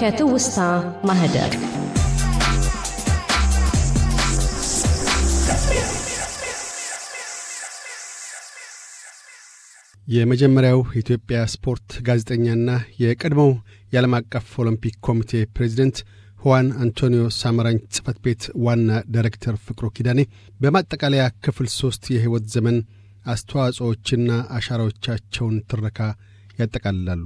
ከትውስታ ማህደር የመጀመሪያው ኢትዮጵያ ስፖርት ጋዜጠኛና የቀድሞው የዓለም አቀፍ ኦሎምፒክ ኮሚቴ ፕሬዚደንት ሁዋን አንቶኒዮ ሳመራኝ ጽፈት ቤት ዋና ዳይሬክተር ፍቅሮ ኪዳኔ በማጠቃለያ ክፍል ሦስት የሕይወት ዘመን አስተዋጽኦዎችና አሻራዎቻቸውን ትረካ ያጠቃልላሉ።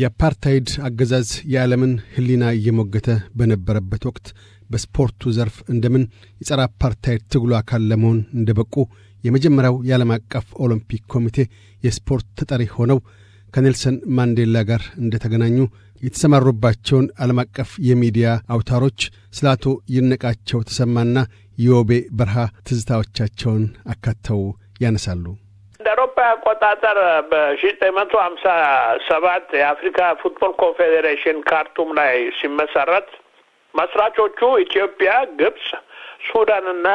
የአፓርታይድ አገዛዝ የዓለምን ህሊና እየሞገተ በነበረበት ወቅት በስፖርቱ ዘርፍ እንደምን የጸረ አፓርታይድ ትግሉ አካል ለመሆን እንደበቁ የመጀመሪያው የዓለም አቀፍ ኦሎምፒክ ኮሚቴ የስፖርት ተጠሪ ሆነው ከኔልሰን ማንዴላ ጋር እንደተገናኙ የተሰማሩባቸውን ዓለም አቀፍ የሚዲያ አውታሮች ስለ አቶ ይነቃቸው ተሰማና የወቤ በረሃ ትዝታዎቻቸውን አካተው ያነሳሉ። እንደ አውሮፓ አቆጣጠር በሺ ዘጠኝ መቶ ሀምሳ ሰባት የአፍሪካ ፉትቦል ኮንፌዴሬሽን ካርቱም ላይ ሲመሰረት መስራቾቹ ኢትዮጵያ፣ ግብጽ፣ ሱዳንና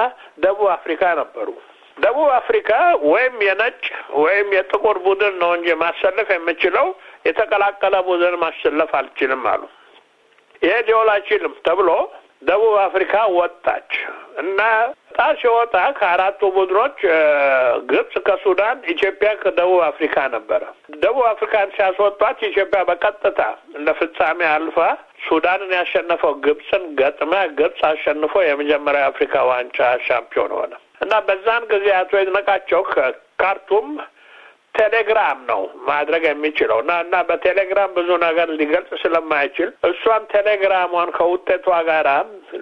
ደቡብ አፍሪካ ነበሩ። ደቡብ አፍሪካ ወይም የነጭ ወይም የጥቁር ቡድን ነው እንጂ ማሰለፍ የምችለው የተቀላቀለ ቡድን ማሰለፍ አልችልም አሉ። ይሄ ሊሆን አይችልም ተብሎ ደቡብ አፍሪካ ወጣች እና ጣ ሲወጣ ከአራቱ ቡድኖች ግብጽ ከሱዳን፣ ኢትዮጵያ ከደቡብ አፍሪካ ነበረ። ደቡብ አፍሪካን ሲያስወጧት ኢትዮጵያ በቀጥታ ፍጻሜ አልፋ ሱዳንን ያሸነፈው ግብጽን ገጥማ ግብጽ አሸንፎ የመጀመሪያ አፍሪካ ዋንጫ ሻምፒዮን ሆነ እና በዛን ጊዜ አቶ ይድነቃቸው ከካርቱም ቴሌግራም ነው ማድረግ የሚችለው እና እና በቴሌግራም ብዙ ነገር ሊገልጽ ስለማይችል እሷን ቴሌግራሟን ከውጤቷ ጋራ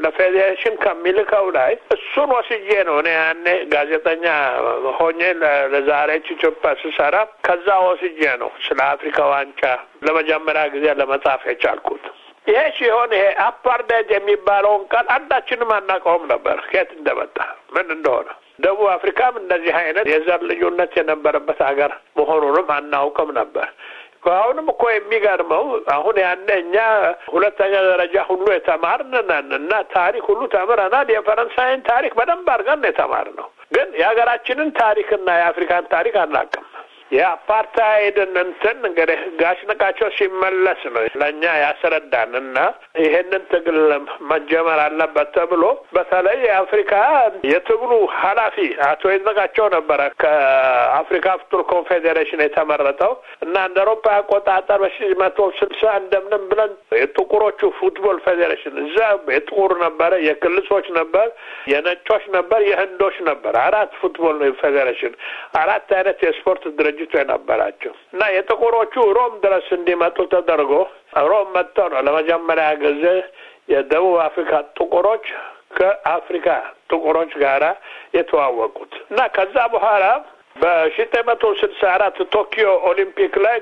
ለፌዴሬሽን ከሚልከው ላይ እሱን ወስጄ ነው እኔ ያኔ ጋዜጠኛ ሆኜ ለዛሬች ኢትዮጵያ ስሰራ ከዛ ወስጄ ነው ስለ አፍሪካ ዋንጫ ለመጀመሪያ ጊዜ ለመጻፍ የቻልኩት። ይሄ ሲሆን ይሄ አፓርታይድ የሚባለውን ቃል አንዳችንም አናውቀውም ነበር ከየት እንደመጣ ምን እንደሆነ ደቡብ አፍሪካም እንደዚህ አይነት የዘር ልዩነት የነበረበት ሀገር መሆኑንም አናውቅም ነበር። አሁንም እኮ የሚገርመው አሁን ያነ እኛ ሁለተኛ ደረጃ ሁሉ የተማርን ነን እና ታሪክ ሁሉ ተምረናል። የፈረንሳይን ታሪክ በደንብ አድርገን ነው የተማርነው። ግን የሀገራችንን ታሪክና የአፍሪካን ታሪክ አናውቅም። የአፓርታይድን እንትን እንግዲህ ጋሽ ንቃቸው ሲመለስ ነው ለእኛ ያስረዳን እና ይሄንን ትግል መጀመር አለበት ተብሎ በተለይ የአፍሪካ የትግሉ ኃላፊ አቶ ይድነቃቸው ነበረ ከአፍሪካ ፍቱር ኮንፌዴሬሽን የተመረጠው እና እንደ አውሮፓ አቆጣጠር በሺ መቶ ስልሳ እንደምንም ብለን የጥቁሮቹ ፉትቦል ፌዴሬሽን እዛ የጥቁር ነበረ፣ የክልሶች ነበር፣ የነጮች ነበር፣ የህንዶች ነበር። አራት ፉትቦል ፌዴሬሽን አራት አይነት የስፖርት ድርጅ ዝግጅቱ የነበራቸው እና የጥቁሮቹ ሮም ድረስ እንዲመጡ ተደርጎ ሮም መጥተው ነው ለመጀመሪያ ጊዜ የደቡብ አፍሪካ ጥቁሮች ከአፍሪካ ጥቁሮች ጋራ የተዋወቁት እና ከዛ በኋላ በ1964 ቶኪዮ ኦሊምፒክ ላይ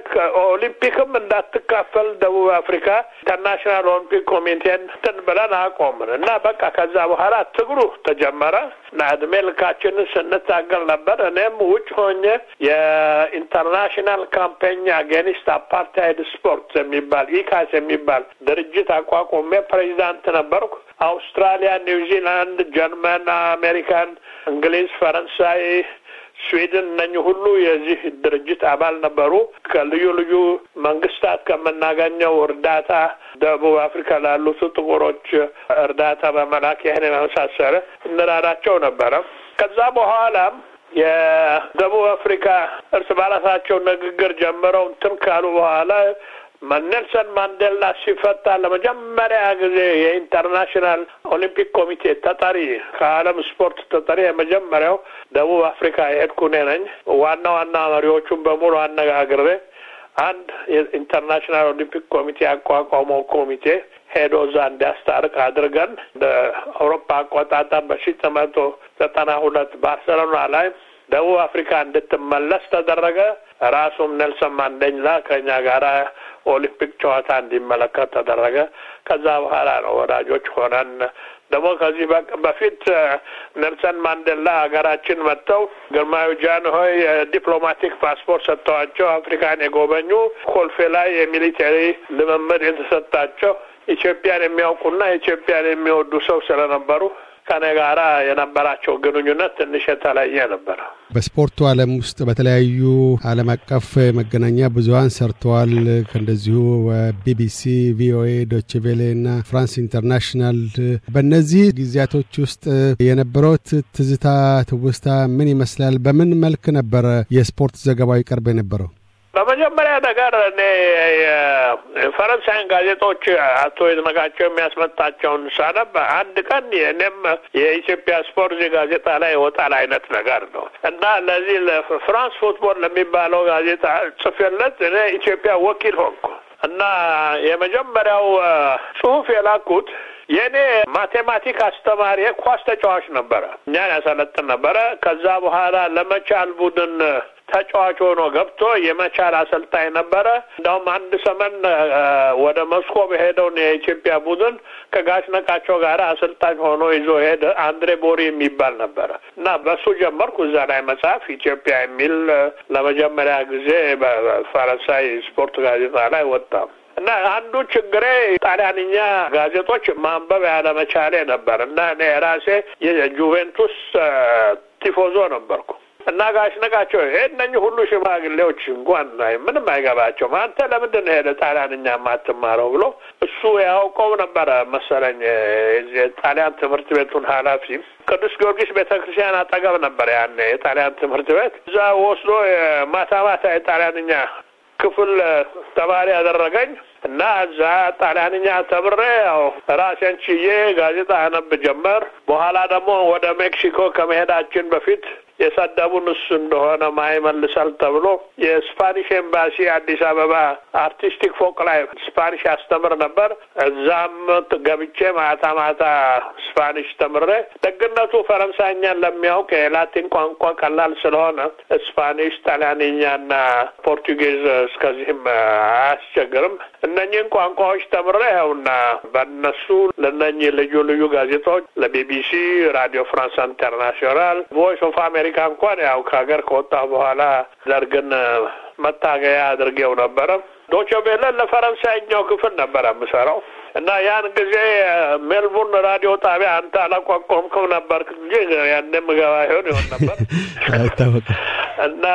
ኦሊምፒክም እንዳትካፈል ደቡብ አፍሪካ ኢንተርናሽናል ኦሊምፒክ ኮሚቴን ብለን አቆምን እና በቃ ከዛ በኋላ ትግሩ ተጀመረ እና እድሜ ልካችንን ስንታገል ነበር። እኔም ውጭ ሆኜ የኢንተርናሽናል ካምፔኝ አጌኒስት አፓርታይድ ስፖርት የሚባል ኢካስ የሚባል ድርጅት አቋቁሜ ፕሬዚዳንት ነበርኩ። አውስትራሊያ፣ ኒውዚላንድ፣ ጀርመን፣ አሜሪካን፣ እንግሊዝ፣ ፈረንሳይ ስዊድን እነኚህ ሁሉ የዚህ ድርጅት አባል ነበሩ። ከልዩ ልዩ መንግስታት ከምናገኘው እርዳታ ደቡብ አፍሪካ ላሉት ጥቁሮች እርዳታ በመላክ ይህን የመሳሰለ እንራዳቸው ነበረ። ከዛ በኋላም የደቡብ አፍሪካ እርስ በራሳቸው ንግግር ጀምረው እንትን ካሉ በኋላ መልሰን ማንዴላ ሲፈታ ለመጀመሪያ ጊዜ የኢንተርናሽናል ኦሊምፒክ ኮሚቴ ተጠሪ ከዓለም ስፖርት ተጠሪ የመጀመሪያው ደቡብ አፍሪካ የሄድኩ ነኝ። ዋና ዋና መሪዎቹን በሙሉ አነጋግሬ አንድ የኢንተርናሽናል ኦሊምፒክ ኮሚቴ ያቋቋመው ኮሚቴ ሄዶ እዛ እንዲያስታርቅ አድርገን በአውሮፓ አቆጣጠር በሺ ዘጠኝ መቶ ዘጠና ሁለት ባርሰሎና ላይ ደቡብ አፍሪካ እንድትመለስ ተደረገ። ራሱም ኔልሰን ማንዴላ ከእኛ ጋራ ኦሊምፒክ ጨዋታ እንዲመለከት ተደረገ። ከዛ በኋላ ነው ወዳጆች ሆነን ደግሞ ከዚህ በፊት ኔልሰን ማንዴላ ሀገራችን መጥተው ግርማዊ ጃንሆይ ዲፕሎማቲክ ፓስፖርት ሰጥተዋቸው አፍሪካን የጎበኙ ኮልፌ ላይ የሚሊቴሪ ልምምድ የተሰጣቸው ኢትዮጵያን የሚያውቁና ኢትዮጵያን የሚወዱ ሰው ስለነበሩ ከኔ ጋራ የነበራቸው ግንኙነት ትንሽ የተለየ ነበረ። በስፖርቱ ዓለም ውስጥ በተለያዩ ዓለም አቀፍ መገናኛ ብዙሀን ሰርተዋል። ከእንደዚሁ ቢቢሲ፣ ቪኦኤ፣ ዶችቬሌ እና ፍራንስ ኢንተርናሽናል። በእነዚህ ጊዜያቶች ውስጥ የነበረውት ትዝታ ትውስታ ምን ይመስላል? በምን መልክ ነበረ የስፖርት ዘገባው ይቀርብ የነበረው? በመጀመሪያ ነገር እኔ የፈረንሳይን ጋዜጦች አቶ ይድነቃቸው የሚያስመጣቸውን ሳነብ አንድ ቀን እኔም የኢትዮጵያ ስፖርት ጋዜጣ ላይ ይወጣል አይነት ነገር ነው እና ለዚህ ለፍራንስ ፉትቦል ለሚባለው ጋዜጣ ጽፌለት እኔ ኢትዮጵያ ወኪል ሆንኩ እና የመጀመሪያው ጽሁፍ የላኩት የእኔ ማቴማቲክ አስተማሪ ኳስ ተጫዋች ነበረ። እኛን ያሰለጥን ነበረ። ከዛ በኋላ ለመቻል ቡድን ተጫዋች ሆኖ ገብቶ የመቻል አሰልጣኝ ነበረ። እንደውም አንድ ሰመን ወደ መስኮ በሄደውን የኢትዮጵያ ቡድን ከጋሽ ነቃቸው ጋር አሰልጣኝ ሆኖ ይዞ ሄደ። አንድሬ ቦሪ የሚባል ነበረ እና በሱ ጀመርኩ እዛ ላይ መጽሐፍ ኢትዮጵያ የሚል ለመጀመሪያ ጊዜ በፈረንሳይ ስፖርት ጋዜጣ ላይ ወጣ። እና አንዱ ችግሬ ጣሊያንኛ ጋዜጦች ማንበብ ያለመቻሌ ነበር እና እኔ ራሴ የጁቬንቱስ ቲፎዞ ነበርኩ። እና ጋሽ ነቃቸው ይሄ እነኝህ ሁሉ ሽማግሌዎች እንኳን ምንም አይገባቸውም። አንተ ለምንድን ነው ጣሊያን ጣሊያንኛ ማትማረው ብሎ እሱ ያውቀው ነበረ መሰለኝ የጣሊያን ትምህርት ቤቱን ኃላፊ ቅዱስ ጊዮርጊስ ቤተ ክርስቲያን አጠገብ ነበር ያን የጣሊያን ትምህርት ቤት። እዛ ወስዶ ማታ ማታ የጣሊያንኛ ክፍል ተማሪ ያደረገኝ እና እዛ ጣሊያንኛ ተምሬ ያው ራሴን ችዬ ጋዜጣ አነብ ጀመር። በኋላ ደግሞ ወደ ሜክሲኮ ከመሄዳችን በፊት የሰደቡን እሱ እንደሆነ ማይመልሳል ተብሎ የስፓኒሽ ኤምባሲ አዲስ አበባ አርቲስቲክ ፎቅ ላይ ስፓኒሽ አስተምር ነበር። እዛም ገብቼ ማታ ማታ ስፓኒሽ ተምሬ ደግነቱ ፈረንሳይኛን ለሚያውቅ የላቲን ቋንቋ ቀላል ስለሆነ ስፓኒሽ፣ ጣሊያንኛና ፖርቱጌዝ እስከዚህም አያስቸግርም። እነኚህን ቋንቋዎች ተምሬ ይኸውና በነሱ ለእነኚህ ልዩ ልዩ ጋዜጦች ለቢቢሲ፣ ራዲዮ ፍራንስ ኢንተርናሽናል፣ ቮይስ ኦፍ አሜሪካ አሜሪካ እንኳን ያው ከሀገር ከወጣ በኋላ ደርግን መታገያ አድርጌው ነበረ። ዶቼ ቬለ ለፈረንሳይኛው ክፍል ነበረ የምሰራው እና ያን ጊዜ ሜልቡርን ራዲዮ ጣቢያ አንተ አላቋቋምክም ነበር እንጂ ያን ምገባ ይሆን ይሆን ነበር እና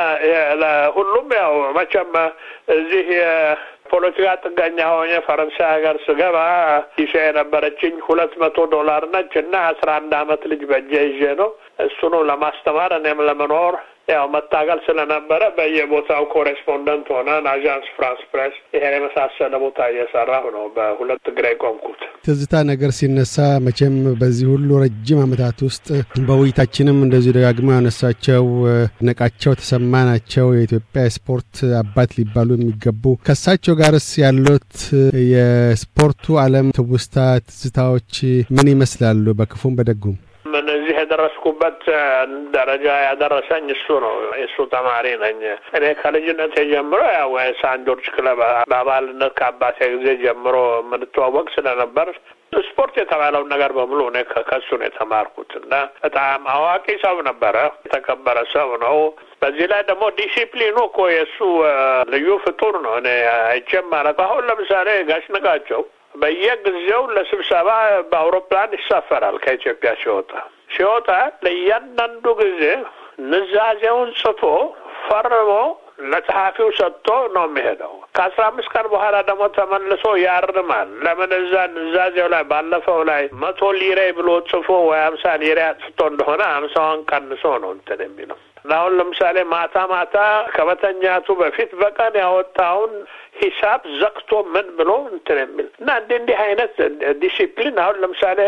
ሁሉም ያው መቼም እዚህ ፖለቲካ ጥገኛ ሆኜ ፈረንሳይ ሀገር ስገባ ይሻ የነበረችኝ ሁለት መቶ ዶላር ነች እና አስራ አንድ አመት ልጅ በእጄ ይዤ ነው እሱኑ ለማስተማር እኔም ለመኖር ያው መታገል ስለነበረ በየቦታው ኮሬስፖንደንት ሆነን አዣንስ ፍራንስ ፕሬስ ይሄን የመሳሰለ ቦታ እየሰራሁ ነው። በሁለት እግሬ ቆምኩት። ትዝታ ነገር ሲነሳ መቼም በዚህ ሁሉ ረጅም ዓመታት ውስጥ በውይይታችንም እንደዚሁ ደጋግመው ያነሳቸው ነቃቸው ተሰማ ናቸው። የኢትዮጵያ ስፖርት አባት ሊባሉ የሚገቡ ከሳቸው ጋርስ ያሉት የስፖርቱ ዓለም ትውስታ ትዝታዎች ምን ይመስላሉ? በክፉም በደጉም የደረስኩበት ደረጃ ያደረሰኝ እሱ ነው። እሱ ተማሪ ነኝ እኔ ከልጅነት የጀምሮ ያው ሳንዶርች ክለብ በአባልነት ከአባቴ ጊዜ ጀምሮ የምንተዋወቅ ስለነበር ስፖርት የተባለውን ነገር በሙሉ እኔ ከሱ ነው የተማርኩት እና በጣም አዋቂ ሰው ነበረ። የተከበረ ሰው ነው። በዚህ ላይ ደግሞ ዲሲፕሊኑ እኮ የእሱ ልዩ ፍጡር ነው። እኔ አይቼም ማለት አሁን ለምሳሌ ጋሽ በየጊዜው ለስብሰባ በአውሮፕላን ይሳፈራል ከኢትዮጵያ ሲወጣ ሲወጣ ለእያንዳንዱ ጊዜ ንዛዜውን ጽፎ ፈርሞ ለጸሐፊው ሰጥቶ ነው የሚሄደው። ከአስራ አምስት ቀን በኋላ ደግሞ ተመልሶ ያርማል። ለምን እዛ ንዛዜው ላይ ባለፈው ላይ መቶ ሊሬ ብሎ ጽፎ ወይ አምሳ ሊሬ አጽፍቶ እንደሆነ ሀምሳዋን ቀንሶ ነው እንትን የሚለው አሁን ለምሳሌ ማታ ማታ ከመተኛቱ በፊት በቀን ያወጣውን ሂሳብ ዘግቶ ምን ብሎ እንትን የሚል እና እንዲህ እንዲህ አይነት ዲሲፕሊን አሁን ለምሳሌ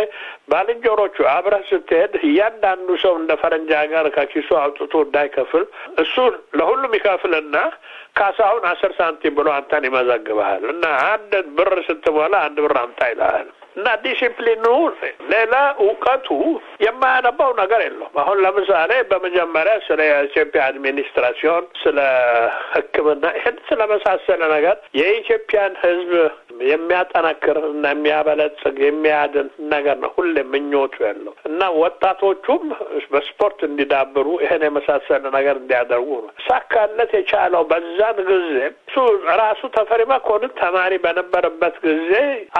ባልንጀሮቹ አብረህ ስትሄድ እያንዳንዱ ሰው እንደ ፈረንጃ ሀገር ከኪሱ አውጥቶ እንዳይከፍል እሱ ለሁሉም ይከፍልና ካሳሁን አስር ሳንቲም ብሎ አንተን ይመዘግብሃል እና አንድ ብር ስትሞላ አንድ ብር አምጣ ይልሃል። እና ዲሲፕሊኑ ሌላ እውቀቱ የማያነባው ነገር የለውም። አሁን ለምሳሌ በመጀመሪያ ስለ የኢትዮጵያ አድሚኒስትራሲዮን፣ ስለ ሕክምና ይህን ስለመሳሰለ ነገር የኢትዮጵያን ህዝብ የሚያጠናክር እና የሚያበለጽግ የሚያድን ነገር ነው ሁሌ ምኞቱ ያለው እና ወጣቶቹም በስፖርት እንዲዳብሩ ይሄን የመሳሰለ ነገር እንዲያደርጉ ነው። ሳካለት የቻለው በዛን ጊዜ እሱ ራሱ ተፈሪ መኮንን ተማሪ በነበረበት ጊዜ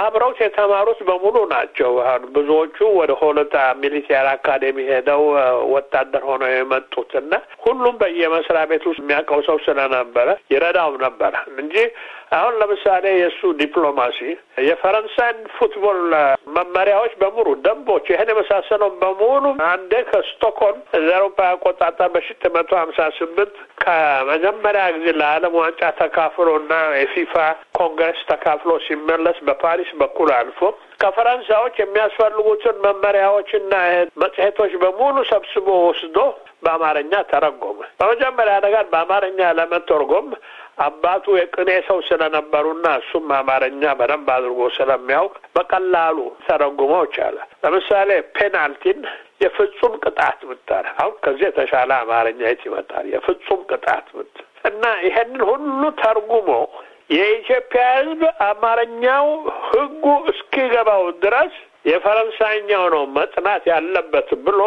አብረውት የተማሩት በሙሉ ናቸው። አሁን ብዙዎቹ ወደ ሆለታ ሚሊቴር አካዴሚ ሄደው ወታደር ሆነው የመጡት እና ሁሉም በየመስሪያ ቤት ውስጥ የሚያውቀው ሰው ስለነበረ ይረዳው ነበረ እንጂ አሁን ለምሳሌ የእሱ ዲፕሎማሲ የፈረንሳይን ፉትቦል መመሪያዎች በሙሉ ደንቦች፣ ይህን የመሳሰለውን በሙሉ አንዴ ከስቶክሆልም ዘሮፓ አቆጣጠር በሽት መቶ ሀምሳ ስምንት ከመጀመሪያ ጊዜ ለዓለም ዋንጫ ተካፍሎ እና የፊፋ ኮንግረስ ተካፍሎ ሲመለስ በፓሪስ በኩል አልፎ ከፈረንሳዮች የሚያስፈልጉትን መመሪያዎችና መጽሔቶች በሙሉ ሰብስቦ ወስዶ በአማርኛ ተረጎመ። በመጀመሪያ ነገር በአማርኛ ለመተርጎም አባቱ የቅኔ ሰው ስለነበሩና እሱም አማርኛ በደንብ አድርጎ ስለሚያውቅ በቀላሉ ተረጉመው ይቻለ። ለምሳሌ ፔናልቲን የፍጹም ቅጣት ምታር አሁን ከዚህ የተሻለ አማርኛ የት ይመጣል? የፍጹም ቅጣት ምት እና ይሄንን ሁሉ ተርጉሞ የኢትዮጵያ ሕዝብ አማርኛው ሕጉ እስኪገባው ድረስ የፈረንሳይኛው ነው መጥናት ያለበት ብሎ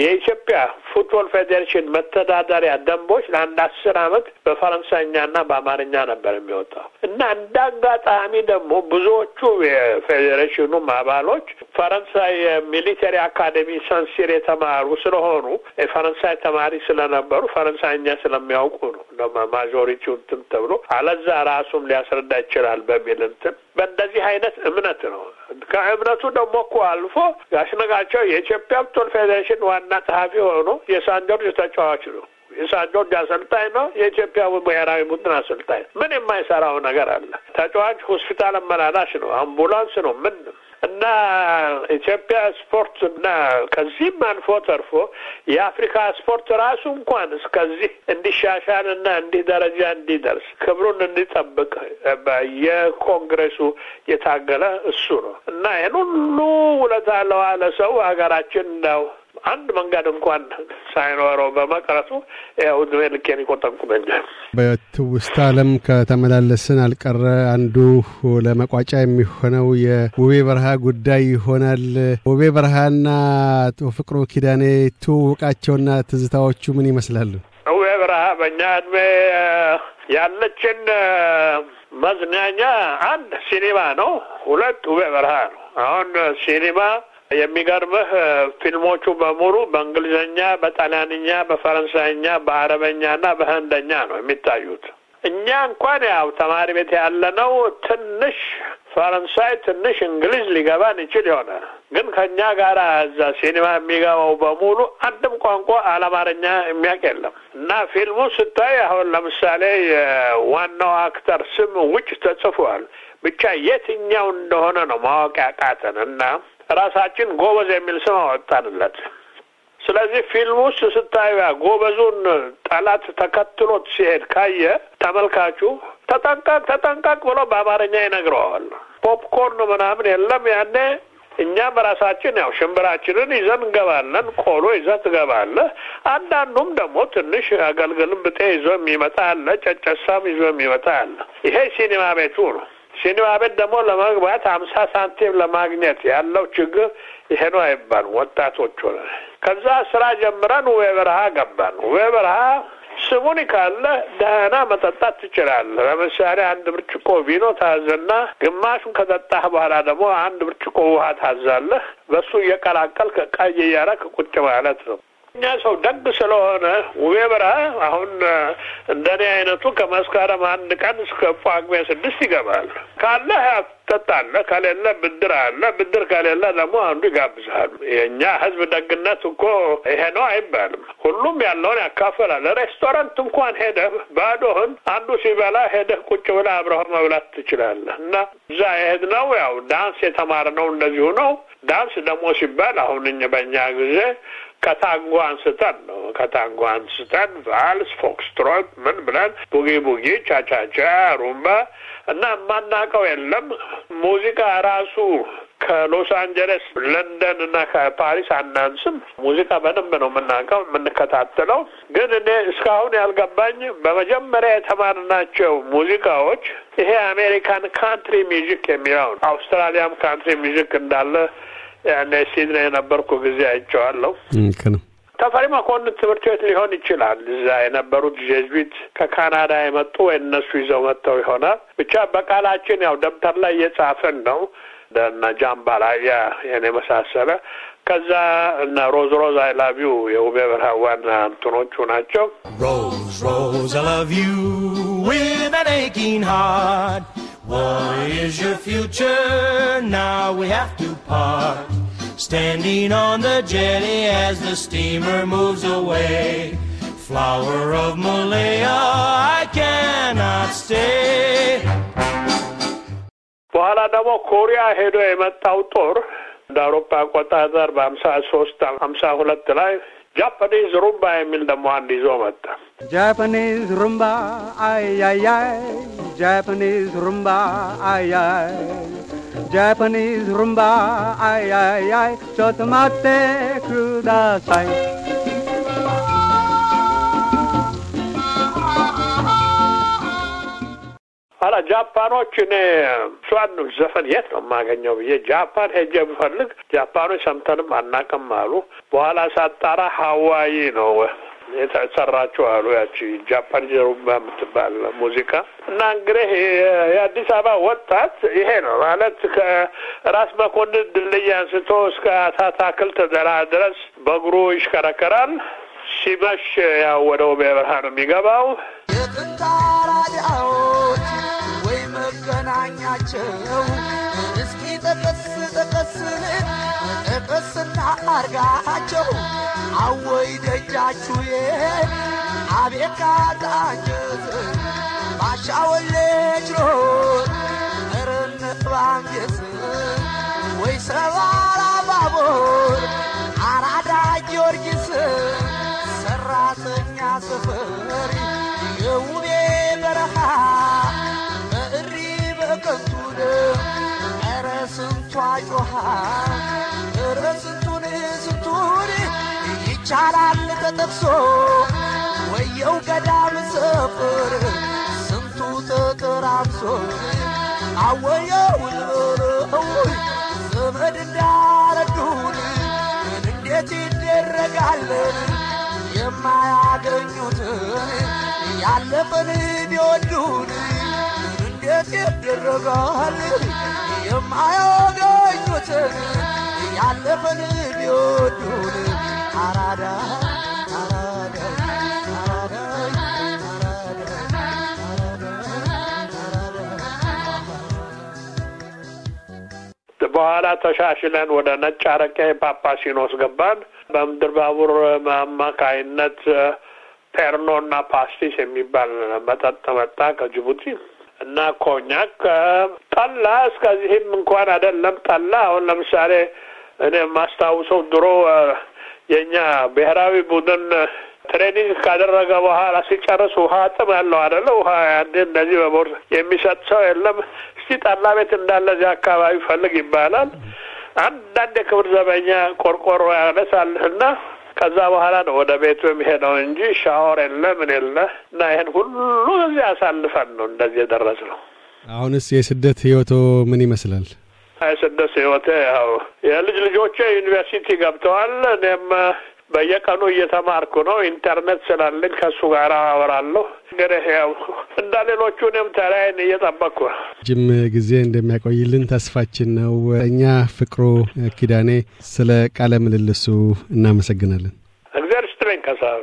የኢትዮጵያ ፉትቦል ፌዴሬሽን መተዳደሪያ ደንቦች ለአንድ አስር አመት በፈረንሳይኛና በአማርኛ ነበር የሚወጣው እና እንደ አጋጣሚ ደግሞ ብዙዎቹ የፌዴሬሽኑ አባሎች ፈረንሳይ የሚሊተሪ አካዴሚ ሰንሲር የተማሩ ስለሆኑ የፈረንሳይ ተማሪ ስለነበሩ ፈረንሳይኛ ስለሚያውቁ ነው ማጆሪቲው እንትን ተብሎ አለዛ ራሱም ሊያስረዳ ይችላል በሚል እንትን በእንደዚህ አይነት እምነት ነው ከህብረቱ ደግሞ እኮ አልፎ ያስነጋቸው ነጋቸው የኢትዮጵያ ፉትቦል ፌዴሬሽን ዋና ጸሐፊ ሆኖ የሳንጆርጅ ተጫዋች ነው። የሳንጆርጅ አሰልጣኝ ነው። የኢትዮጵያ ብሔራዊ ቡድን አሰልጣኝ ምን የማይሰራው ነገር አለ? ተጫዋች ሆስፒታል አመላላሽ ነው፣ አምቡላንስ ነው፣ ምን ኢትዮጵያ ስፖርት ና ከዚህም አልፎ ተርፎ የአፍሪካ ስፖርት ራሱ እንኳን እስከዚህ እንዲሻሻል እና እንዲህ ደረጃ እንዲደርስ ክብሩን እንዲጠብቅ የኮንግሬሱ የታገለ እሱ ነው እና ይህን ሁሉ ውለታ ለዋለ ሰው ሀገራችን ነው አንድ መንገድ እንኳን ሳይኖረው በመቅረቱ ያው እድሜ ልኬን ይቆጠቁመ እንጂ በትውስት አለም ከተመላለስን አልቀረ አንዱ ለመቋጫ የሚሆነው የውቤ በረሃ ጉዳይ ይሆናል። ውቤ በረሃና ፍቅሩ ኪዳኔ ትውውቃቸውና ትዝታዎቹ ምን ይመስላሉ? ውቤ በረሃ በእኛ እድሜ ያለችን መዝናኛ አንድ ሲኒማ ነው፣ ሁለት ውቤ በረሃ ነው። አሁን ሲኒማ የሚገርምህ ፊልሞቹ በሙሉ በእንግሊዝኛ፣ በጣሊያንኛ፣ በፈረንሳይኛ፣ በአረበኛና በህንደኛ ነው የሚታዩት። እኛ እንኳን ያው ተማሪ ቤት ያለነው ትንሽ ፈረንሳይ ትንሽ እንግሊዝ ሊገባን ይችል የሆነ ግን ከእኛ ጋር እዛ ሲኒማ የሚገባው በሙሉ አንድም ቋንቋ አለማርኛ የሚያውቅ የለም። እና ፊልሙ ስታይ አሁን ለምሳሌ የዋናው አክተር ስም ውጭ ተጽፏል። ብቻ የትኛው እንደሆነ ነው ማወቅ ያቃተን እና ራሳችን ጎበዝ የሚል ስም አወጣንለት። ስለዚህ ፊልም ውስጥ ስታዩ ጎበዙን ጠላት ተከትሎት ሲሄድ ካየ ተመልካቹ ተጠንቀቅ ተጠንቀቅ ብሎ በአማርኛ ይነግረዋል። ፖፕኮርን ምናምን የለም ያኔ እኛም በራሳችን ያው ሽምብራችንን ይዘን እንገባለን። ቆሎ ይዘህ ትገባለህ። አንዳንዱም ደግሞ ትንሽ አገልግልም ብጤ ይዞ የሚመጣ አለ። ጨጨሳም ይዞ የሚመጣ አለ። ይሄ ሲኒማ ቤቱ ነው። ሲኒማቤት ደግሞ ለመግባት አምሳ ሳንቲም ለማግኘት ያለው ችግር ይሄ ነው አይባልም። ወጣቶች ከዛ ስራ ጀምረን ወይ በረሃ ገባን። ወይ በረሃ ስሙኒ ካለ ደህና መጠጣት ትችላለህ። ለምሳሌ አንድ ብርጭቆ ቪኖ ታዘና ግማሹን ከጠጣህ በኋላ ደግሞ አንድ ብርጭቆ ውሃ ታዛለህ። በሱ እየቀላቀል ቀይ እያረክ ቁጭ ማለት ነው። እኛ ሰው ደግ ስለሆነ ውቤ በረሀ አሁን እንደኔ አይነቱ ከመስከረም አንድ ቀን እስከ ጳጉሜ ስድስት ይገባል። ካለ ጠጣለ፣ ከሌለ ብድር አለ። ብድር ከሌለ ደግሞ አንዱ ይጋብዛሉ። የእኛ ህዝብ ደግነት እኮ ይሄ ነው አይባልም። ሁሉም ያለውን ያካፈላል። ሬስቶራንት እንኳን ሄደህ ባዶህን አንዱ ሲበላ ሄደህ ቁጭ ብለህ አብረህ መብላት ትችላለህ። እና እዛ ነው ያው ዳንስ የተማርነው እንደዚሁ ነው። ዳንስ ደግሞ ሲባል አሁን በእኛ ጊዜ ከታንጎ አንስተን ነው ከታንጎ አንስተን ቫልስ፣ ፎክስትሮት፣ ምን ብለን ቡጊ ቡጊ፣ ቻቻቻ፣ ሩምባ እና የማናውቀው የለም። ሙዚቃ ራሱ ከሎስ አንጀለስ ለንደን እና ከፓሪስ አናንስም። ሙዚቃ በደንብ ነው የምናውቀው የምንከታተለው። ግን እኔ እስካሁን ያልገባኝ በመጀመሪያ የተማርናቸው ሙዚቃዎች ይሄ አሜሪካን ካንትሪ ሚውዚክ የሚለው አውስትራሊያም ካንትሪ ሚዚክ እንዳለ ያኔ ሲድኔ የነበርኩ ጊዜ አይቼዋለሁ። ተፈሪ መኮንን ትምህርት ቤት ሊሆን ይችላል። እዛ የነበሩት ጄዝዊት ከካናዳ የመጡ ወይ እነሱ ይዘው መጥተው ይሆናል። ብቻ በቃላችን ያው ደብተር ላይ እየጻፍን ነው እነ ጃምባላያ የኔ መሳሰለ ከዛ እነ ሮዝ ሮዝ አይ ላቭ ዩ የውቤ በርሃ ዋና እንትኖቹ ናቸው። ሮዝ ሮዝ አይ ላቭ ዩ ዊዝ አን ኤኪንግ ሃርት What is your future? Now we have to part. Standing on the jetty as the steamer moves away. Flower of Malaya, I cannot stay. በኋላ ደግሞ ኮሪያ ሄዶ የመጣው ጦር እንደ አውሮፓ አቆጣጠር በሀምሳ ሶስት ሀምሳ ሁለት ላይ ጃፓኒዝ ሩምባ የሚል ደግሞ አንድ ይዞ መጣ። ጃፓኒዝ ሩምባ አያያይ Japanese rumba, ay ay. Japanese rumba, ay ay ay. matte kudasai. አላ ጃፓኖች እሷን ዘፈን የት ነው የማገኘው ብዬ ጃፓን ሄጄ ብፈልግ ጃፓኖች ሰምተንም አናቅም አሉ። በኋላ ሳጣራ ሀዋይ ነው ሰራችሁ አሉ። ያቺ ጃፓን ጀሩባ የምትባል ሙዚቃ እና እንግዲህ የአዲስ አበባ ወጣት ይሄ ነው ማለት ከራስ መኮንን ድልድይ አንስቶ እስከ አታክልት ተዘራ ድረስ በእግሩ ይሽከረከራል። ሲመሽ ያው ወደ ውቤ በረሃ ነው የሚገባው። የጥንት አራዳዎች ወይ መገናኛቸው ቅስና አርጋቸው አወይ ደጃችዬ አቤካ ቃኘት ባሻወለች ሮ ወይ ሰባራ ባቦር አራዳ ጊዮርጊስ ሰራተኛ ሰፈር የውቤ በረኻ በእሪ በከንቱን ኧረ ስንት ጮሃ እረ ስንቱን ስንቱን ይቻላል ተጠቅሶ ወየው ገዳም ሰፈር ስንቱ ተቀራምሶ አወየው ልበለው ዘመድ እንዳረዱን እንዴት ይደረጋል የማያገኙትን ያለፈን ቢወዱን እንዴት ይደረጋል የማያገ ቤትህ ያለፈን ቢወዱን አራዳ በኋላ ተሻሽለን ወደ ነጭ አረቄ ፓፓሲኖስ ገባን። በምድር ባቡር አማካይነት ፔርኖ እና ፓስቲስ የሚባል መጠጥ መጣ ከጅቡቲ። እና ኮኛክ ጠላ እስከዚህም እንኳን አይደለም። ጠላ አሁን ለምሳሌ እኔ የማስታውሰው ድሮ የእኛ ብሔራዊ ቡድን ትሬኒንግ ካደረገ በኋላ ሲጨርስ ውሃ ጥም ያለው አደለ? ውሃ ያንዴ እንደዚህ በቦርሳ የሚሰጥ ሰው የለም። እስቲ ጠላ ቤት እንዳለ እዚህ አካባቢ ፈልግ ይባላል። አንዳንድ የክብር ዘበኛ ቆርቆሮ ያነሳልህና ከዛ በኋላ ነው ወደ ቤቱ የሚሄደው እንጂ ሻወር የለ ምን የለ እና ይህን ሁሉ እዚህ አሳልፈን ነው እንደዚህ የደረስ ነው። አሁንስ የስደት ህይወቶ ምን ይመስላል? የስደት ህይወቴ ያው የልጅ ልጆቼ ዩኒቨርሲቲ ገብተዋል። እኔም በየቀኑ እየተማርኩ ነው። ኢንተርኔት ስላለኝ ከእሱ ጋር አወራለሁ። እንግዲህ ያው እንደ ሌሎቹ እኔም ተራዬን እየጠበቅኩ ነው። ጅም ጊዜ እንደሚያቆይልን ተስፋችን ነው። እኛ ፍቅሩ ኪዳኔ ስለ ቃለ ምልልሱ እናመሰግናለን። እግዚአብሔር ይስጥልኝ። ከሳሉ